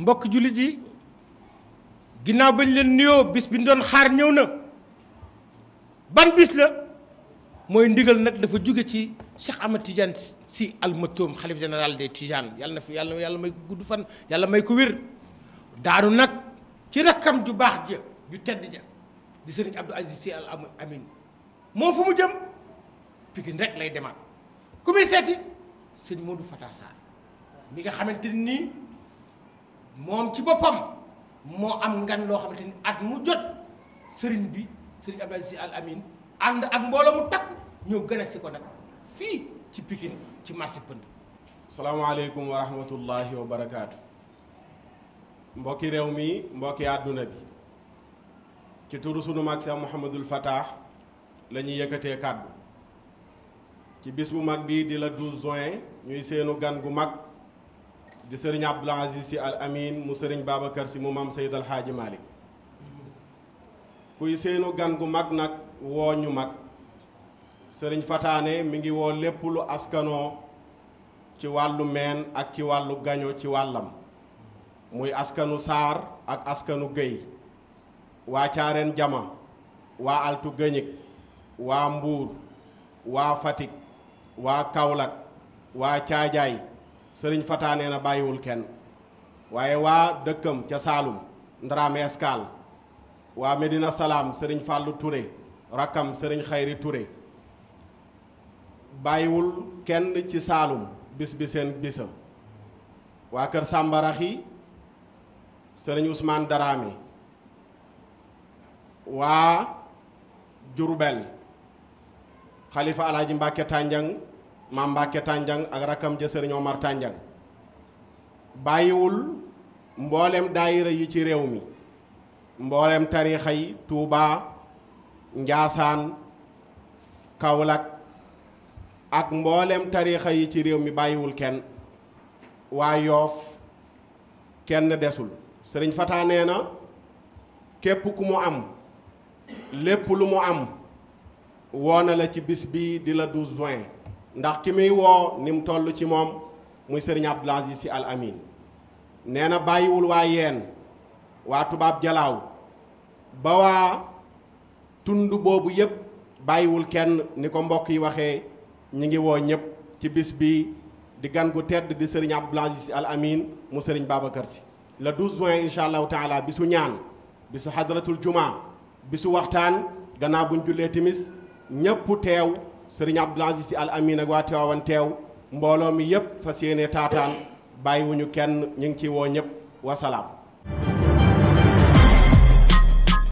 mbokk jullit yi ginnaaw bañ leen nuyoo bis bi ñu doon xaar ñëw na ban bis la mooy ndigal nag dafa jóge ci Cheikh Ahmad Tidiane si almatoom xalif général des Tidiane yàlla na fi yàlla yàlla may gudd fan yàlla may ko wér daanu nag ci rakkam ju baax ja ju tedd ja di sëriñ Abdou Aziz Sy Al Amin moo fu mu jëm pikin rek lay demaat ku muy seeti sëñ Modou Fata Sarr mi nga xamante ni nii moom ci boppam moo am ngan loo xamante ni at mu jot sëriñ bi sëriñ Abdoul Al Amine ànd ak mbooloo mu takk ñu gën si ko nag fii ci pikin ci marché pënd salaamaaleykum wa rahmatullahi wa barakaatu mbokki réew mi mbokki àdduna bi ci turu sunu mag Seex Muhammadul Fatah la ñuy yëkkatee kàddu ci bis bu mag bii di la 12 juin ñuy seenu gan gu mag di sëriñ Abdul Aziz ci al amin mu sëriñ Babacar si mu maam Seyd al Xaaji Malik kuy seenu gan gu mag nag woo ñu mag sëriñ Fataane mu ngi woo lépp lu askanoo ci wàllu meen ak ci wàllu gañu ci wàllam muy askanu Saar ak askanu Géy waa Caareen Jama waa Altu Gëñik waa Mbuur waa Fatick waa Kaolack waa Caajaay sëriñ Fata na bàyyiwul kenn waaye waa dëkkam ca Saalum Ndramé Escale waa Medina Salaam sëriñ Fallou turé rakkam sëriñ Xayri Touré bàyyiwul kenn ci Saalum bis bi seen bisa waa kër Sàmbaraxi sëriñ Ousmane Darame waa Jurbel xalifa Alaaji Mbàkke Tànjang maam Mbacke Tànjang ak rakkam ja sëriñ Omar Tànjang bàyyiwul mboolem daayira yi ci réew mi mboolem tariixa yi Touba Njaasaan kawlak ak mboolem tariixa yi ci réew mi bàyyiwul kenn waa Yoof kenn desul sëriñ Fataa na képp ku mu am lépp lu mu am woona la ci bis bi di la 12 juin ndax ki muy woo ni mu toll ci moom muy sëriñ Abdoul Aziz Sy Al Amine nee na bàyyiwul waa yeen waa tubaab jalaaw ba waa tund boobu yépp bàyyiwul kenn ni ko mbokk yi waxee ñi ngi woo ñépp ci bis bi di gan gu tedd di sëriñ Abdoul Aziz Sy Al Amine mu sëriñ Babacar Sy le 12 juin incha allahu taala bisu ñaan bisu hadratul juma bisu waxtaan gannaaw buñ jullee timis ñépp teew sëriñ Abdul si Sy Al Amine ak waa Tiwaawan teew mbooloo mi yëpp fas yéene taataan bàyyiwuñu kenn ñu ngi ciy woo ñëpp wasalaam.